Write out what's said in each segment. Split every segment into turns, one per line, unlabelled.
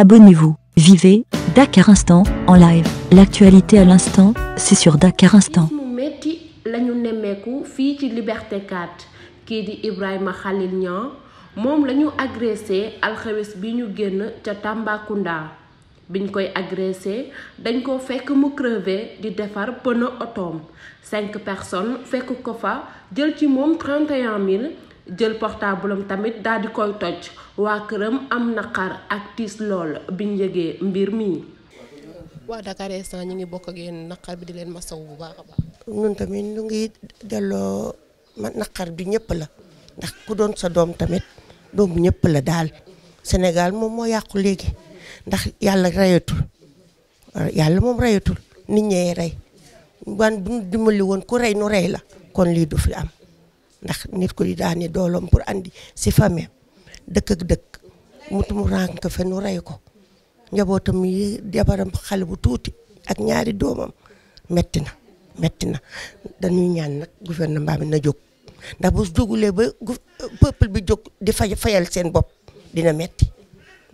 Abonnez-vous, vivez, Dakar Instant, en live. L'actualité à l'instant, c'est sur Dakar Instant.
lañu nemmeeku fii ci Liberté 4 kii Ibrahima Khalil Niang mom la ñu agressé alxames bi ñu génn ca Tambacounda biñ koy agressé dañ ko fekk mu crevé di défar pneu otom 5 personnes fekk ko fa jël ci mom 31000 jël portable tamit daal di koy toj waa këram am naqar ak tiis lool
biñ yëgee mbir mi.
waa Dakar instant ñu ngi bokk a yéen naqar bi di leen masawu bu baax a baax.
ñun tamit ñu ngi delloo naqar bi ñëpp la ndax ku doon sa doom tamit doomu ñëpp la daal Sénégal moom moo yàqu léegi ndax yàlla rayatul yàlla moom rayatul nit ñee rey wan bu ñu woon ku rey nu rey la kon lii du fi am. ndax nit ku di daani doolom pour andi si famille dëkk ak dëkk mutum rànk fe nu rey ko njabootam yi jabaram xale bu tuuti ak ñaari doomam metti na metti na dañuy ñaan nag gouvernement bi na jóg ndax bu jógulee ba peuple bi jóg di fay fayal seen bopp dina metti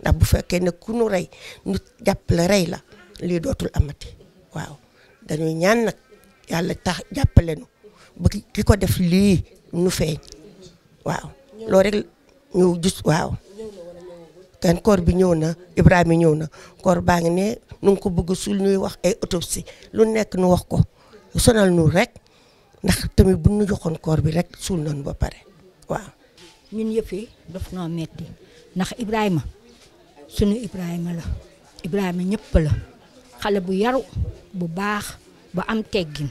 ndax bu fekkee ne ku nu rey nu jàppale rey la lii dootul amati waaw dañuy ñaan nag yàlla tax jàppale nu ba ki ko def lii nu feeñ waaw loolu rek ñu gis waaw kenn koor bi ñëw na Ibrahima ñëw na koor baa ngi ne nu ngi ko bëgg suul ñuy wax ay autopsie lu nekk nu wax ko sonal nu rekk ndax tamit bu ñu joxoon koor bi rek suul nañu ba pare
waaw. ñun yëpp yi daf noo metti ndax Ibrahima suñu Ibrahima la Ibrahima ñëpp la xale bu yaru bu baax bu am teggin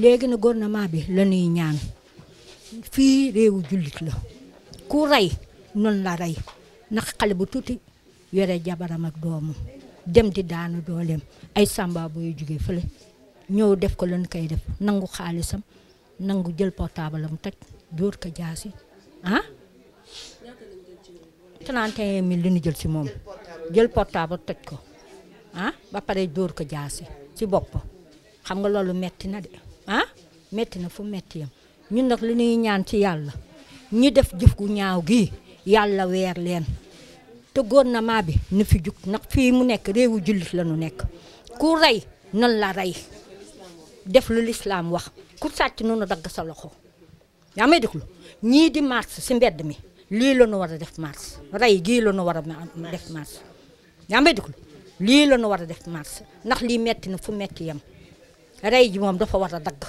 léegi ne na gouvernement bi la ñuy ñaan. fii réewu jullit la ku rey noonu la rey ndax xale bu tuuti yore jabaram ak doomu dem di daanu dooleem ay samba booy jóge fële ñëw def ko lan koy def nangu xaalisam nangu jël portable am teg dóor ko jaasi ah. 31 000 li jël ci moom jël portable toj ko ah ba pare dóor ko jaasi ci bopp xam nga loolu metti na de ah? metti na fu metti yam ñun nag li ñuy ñaan ci yàlla ñu def jëf gu ñaaw gi yàlla weer leen te gouvernement bi na fi jug ndax fii mu nekk réewu jullit lañu nekk ku rey nan la rey def lu lislaam wax ku sàcc noonu dagg sa loxo yaa may déglu ñii di mars si mbedd mi lii la ñu war a def mars rey gii la ñu war a def mars yaa may déglu lii la war a def mars ndax lii metti na fu metti yem rey ji moom dafa war a dagg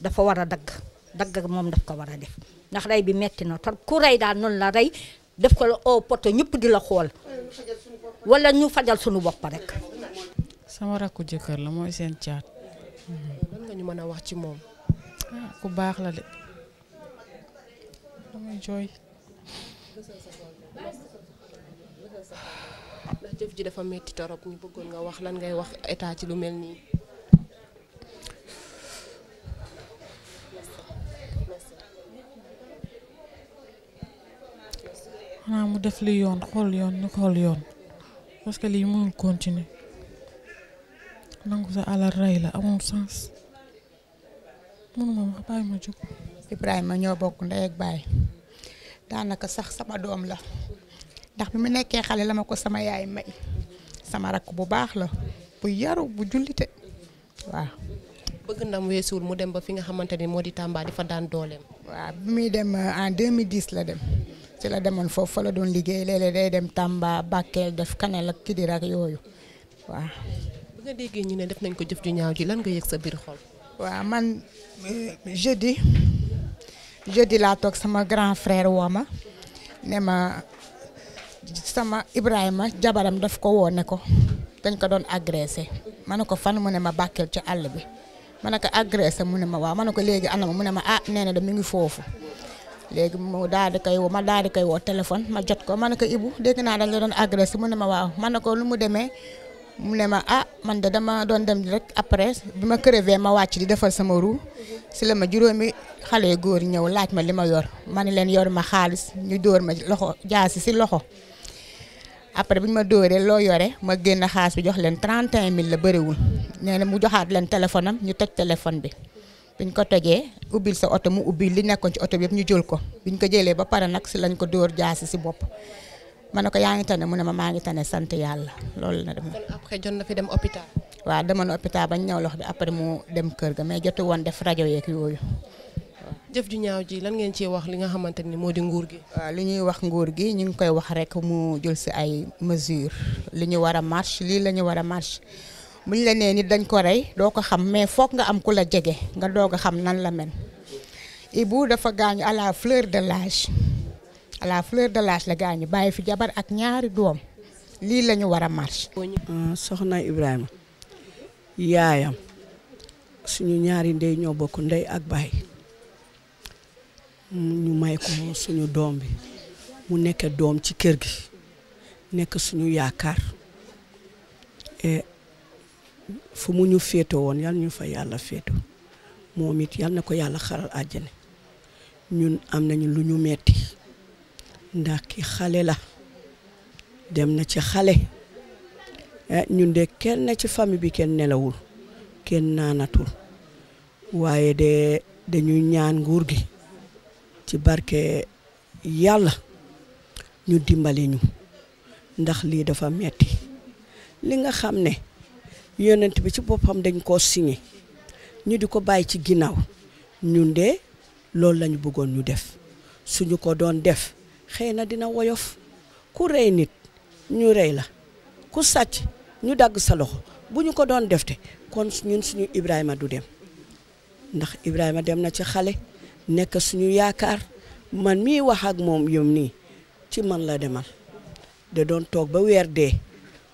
dafa war a dagg dagg moom daf ko war a def ndax rey bi metti na tor ku rey daal noonu la rey def ko la au poto ñëpp di la xool wala ñu fajal suñu bopp rek. sama rakku jëkkër la mooy
seen caat. lan ñu mën a wax ci moom. Ah, ku baax la de. jëf ji dafa metti torop ñu bëggoon nga wax lan ngay wax état ci lu mel nii. xanaa mu def li yoon xool yoon ñu xool yoon parce que lii mënul continuer nangu sa
alal rey la amul sens mënuma ma bàyyi ma jóg. Ibrahima ñoo bokk ndey ak baay daanaka sax sama doom la ndax bi mu nekkee xale la ma ko sama yaay may sama rakk bu baax la bu yaru bu jullite waaw.
bëgg ndam weesuwul mu dem ba fi nga xamante ni moo di Tamba di fa daan dooleem. waa
bi muy dem euh, en 2010 la dem. ci la demoon foofu fa la doon liggéey léeg day dem Tamba Bakel def Kanel ak Kidira ak yooyu waaw. ñu ne def nañ ko jëf ju ñaaw ji lan nga yëg sa biir xol. waaw man euh, jeudi jeudi laa toog sama grand frère woo ma ne ma sama Ibrahima jabaram daf ko woo ne ko dañ ko doon agressé ma ne ko fan mu ne ma Bakel ci àll bi ma ne ko agressé mu ne ma waaw ma ne ko léegi ana ma mu ne ma ah nee na de mi ngi foofu. léegi mu daal di koy woo ma daal di koy woo téléphone ma jot ko ma ne ko Ibou dégg naa dañ la doon agressé mu ne ma waaw man ne ko lu mu demee mu ne ma ah man de dama doon dem rek après bi ma crevé ma wàcc di defal sama ru si la ma juróomi xale góor ñëw laaj ma li ma yor ma ne leen yor ma xaalis ñu dóor ma loxo jaasi si loxo après bi ma dóoree loo yore ma génn xaalis bi jox leen 31000 la bëriwul nee na mu joxaat leen téléphone am ñu toj téléphone bi. biñ ko tojee ubbil sa oto mu ubbi li nekkoon ci oto bi yëpp ñu jël ko biñ ko jëlee ba pare nag si lañ ko dóor jaasi si bopp ma ne ko yaa ngi tane mu ne ma maa ngi tane sant yàlla loolu na dem.
après jot na fi dem hôpital.
waaw demoon hôpital bañ ñëw lox bi après mu dem kër ga mais jotu woon def rajo yeeg yooyu. jëf ju ñaaw ji lan ngeen cee wax li nga xamante ni moo di nguur gi. li ñuy wax nguur gi ñu ngi koy wax rek mu jël si ay mesure li ñu war a marche lii la ñu war a marche. buñ la né ni dañ ko ray do ko xam mais fokk nga am kula djégé nga doog xam nan la mel ibu dafa gañu à la fleur de l'âge à la fleur de l'âge la gañu baye fi jabar ak ñaari doom li lañu wara marche. Euh, soxna Ibrahima yaayam
suñu ñaari ndey ño bokk ndey ak baye ñu may ko suñu doom bi mu nekk doom ci kër gi nekk suñu fu mu ñu féetoo woon yal ñu fa yàlla féetoo moom it yal na ko yàlla xaral àjjana ñun am nañu lu ñu metti ndax ki xale la dem na ci xale eh, ñun de kenn ci famille bi kenn nelawul kenn naanatul waaye de dañuy ñaan nguur gi ci barke yàlla ñu dimbali ñu ndax lii dafa metti li nga xam ne yonent bi ci boppam dañ koo signé ñu di ko bàyyi ci ginnaaw ñun de loolu lañu bëggoon ñu def suñu ko doon def xëy na dina woyof ku rey nit ñu rey la ku sàcc ñu dagg sa loxo bu ñu ko doon defte kon ñun suñu Ibrahima du dem ndax Ibrahima dem na ci xale nekk suñu yaakaar man mii wax ak moom yom nii ci man la demal da doon toog ba weer dee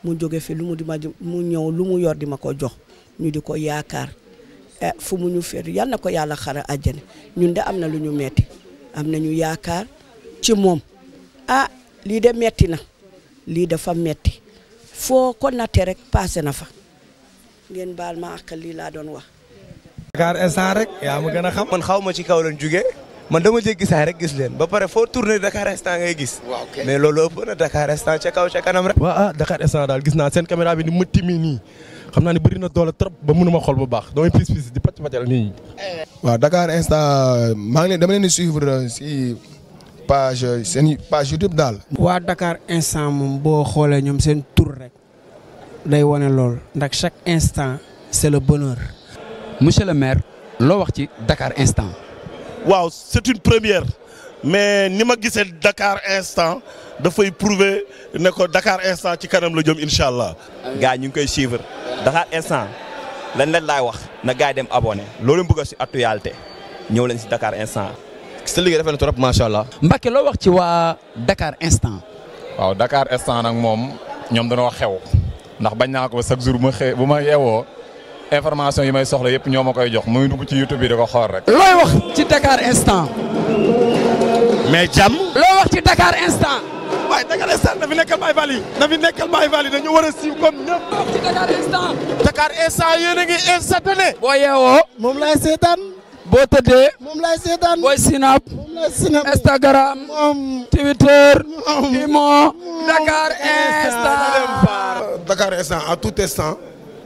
mu jóge fi lu mu di ma mu ñëw lu mu yor di ma ko jox ñu di ko yaakaar eh, fu mu ñu féetu yan na ko yàlla xara àjjana ñun de am na lu ñu metti am na ñu yaakaar ci moom ah lii de metti na lii dafa metti foo ko natte rek passé na fa ngeen baal ma ak lii laa doon wax.
Dakar instant rek yaa ma gën a xam. man xaw ma ci kaw la jugee. man dama sais pas rek gis len ba paré fo tourner Dakar instant ngay gis. mais lolo ëpp na Dakar instant ci kaw ci kanam rek. Ah, Dakar instant caméra bi ni na trop ba
mënuma xol bu baax pis pis di Dakar instant ngi suivre ci page page YouTube
Dakar instant bo tour rek day lool chaque instant c'est le
bonheur. monsieur le maire Dakar instant waaw c'est une première mais ni ma gisee Dakar instant fay prouver ne ko Dakar instant ci kanam la jëm inshallah. Ga ñu ngi koy suivre Dakar instant
lan leen lay wax na gaay dem abonné leen bëgg ci si actualité Ñew leen ci Dakar instant. C'est ligue rafet na trop machallah. allah. lo wax ci wa Dakar instant. waaw Dakar instant nag moom ñoom dañoo xew ndax bañ na ko chaque jour bu ma yéwo information yi may soxla yëpp ñoo ma koy jox muy dugg ci YouTube bi da ko xool rek. looy
wax ci Dakar instant.
mais jàmm. loo wax ci Dakar instant. Dakar instant na fi
instant. Dakar boo yeewoo. moom laay seetaan. boo tëddee. moom laay seetaan. booy sinap.
Instagram. Twitter. Dakar instant. Dakar à tout instant.